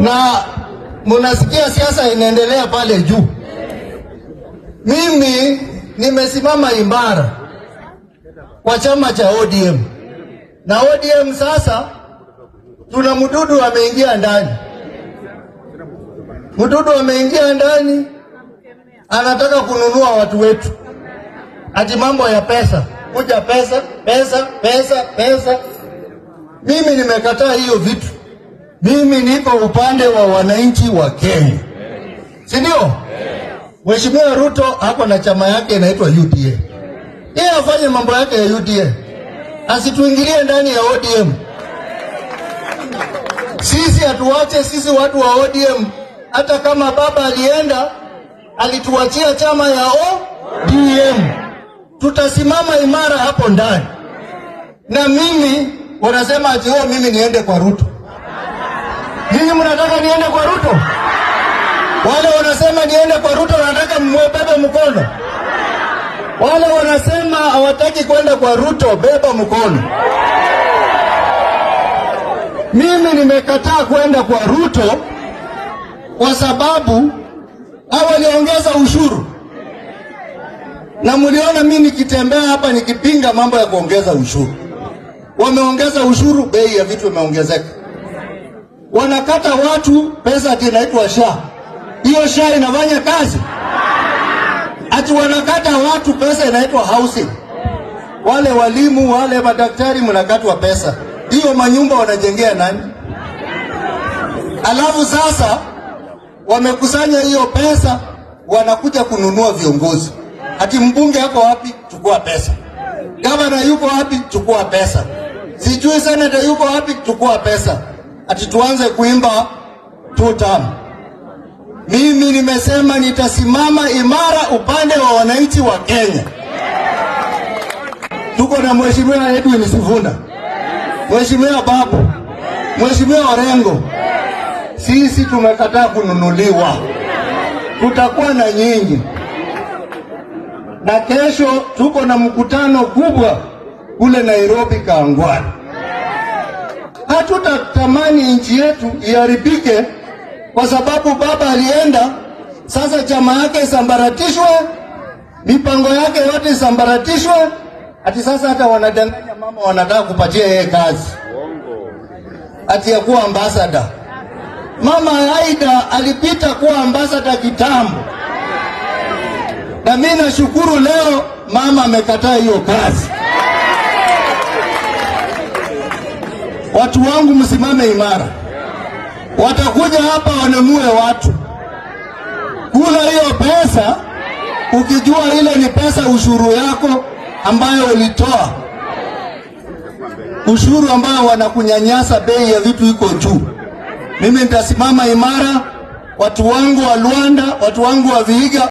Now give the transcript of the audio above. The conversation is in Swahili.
na munasikia siasa inaendelea pale juu. Mimi nimesimama imara kwa chama cha ODM na ODM sasa tuna mdudu ameingia ndani, mdudu ameingia ndani, anataka kununua watu wetu, ati mambo ya pesa, kuja pesa pesa pesa pesa. Mimi nimekataa hiyo vitu. Mimi niko upande wa wananchi wa Kenya, si ndio? Mheshimiwa Ruto hapo na chama yake inaitwa UDA. Yeye afanye mambo yake ya UDA, asituingilie ndani ya ODM. Sisi hatuwache, sisi watu wa ODM. Hata kama baba alienda, alituachia chama ya ODM. Tutasimama imara hapo ndani, na mimi wanasema ati oh, mimi niende kwa Ruto Nyinyi mnataka niende kwa Ruto? Wale wanasema niende kwa Ruto wanataka mbebe mkono. Wale wanasema hawataki kwenda kwa Ruto, beba mkono. Mimi nimekataa kwenda kwa Ruto kwa sababu hao waliongeza ushuru, na mliona mimi nikitembea hapa nikipinga mambo ya kuongeza ushuru. Wameongeza ushuru, bei ya vitu imeongezeka wanakata watu pesa ati inaitwa SHA. Hiyo SHA inafanya kazi? Ati wanakata watu pesa inaitwa housing. Wale walimu wale madaktari mnakatwa pesa, hiyo manyumba wanajengea nani? Alafu sasa wamekusanya hiyo pesa, wanakuja kununua viongozi. Ati mbunge yako wapi? Chukua pesa. Gavana yuko wapi? Chukua pesa. Sijui senator yuko wapi? Chukua pesa ati tuanze kuimba tutam. Mimi nimesema nitasimama imara upande wa wananchi wa Kenya. Tuko na mheshimiwa Edwin Sifuna, mheshimiwa Babu, mheshimiwa Orengo. Sisi tumekataa kununuliwa, tutakuwa na nyinyi. Na kesho tuko na mkutano kubwa kule Nairobi Kangwani hatutatamani nchi yetu iharibike, kwa sababu baba alienda, sasa chama yake isambaratishwe, mipango yake yote isambaratishwe, ati sasa hata wanadanganya mama, wanataka kupatia yeye kazi ati ya kuwa ambasada. Mama Aida alipita kuwa ambasada kitambo, na mimi nashukuru leo mama amekataa hiyo kazi. Watu wangu msimame imara, watakuja hapa wanunue watu kula hiyo pesa, ukijua ile ni pesa ushuru yako ambayo ulitoa, ushuru ambayo wanakunyanyasa, bei ya vitu iko juu. Mimi nitasimama imara, watu wangu wa Luanda, watu wangu wa Vihiga.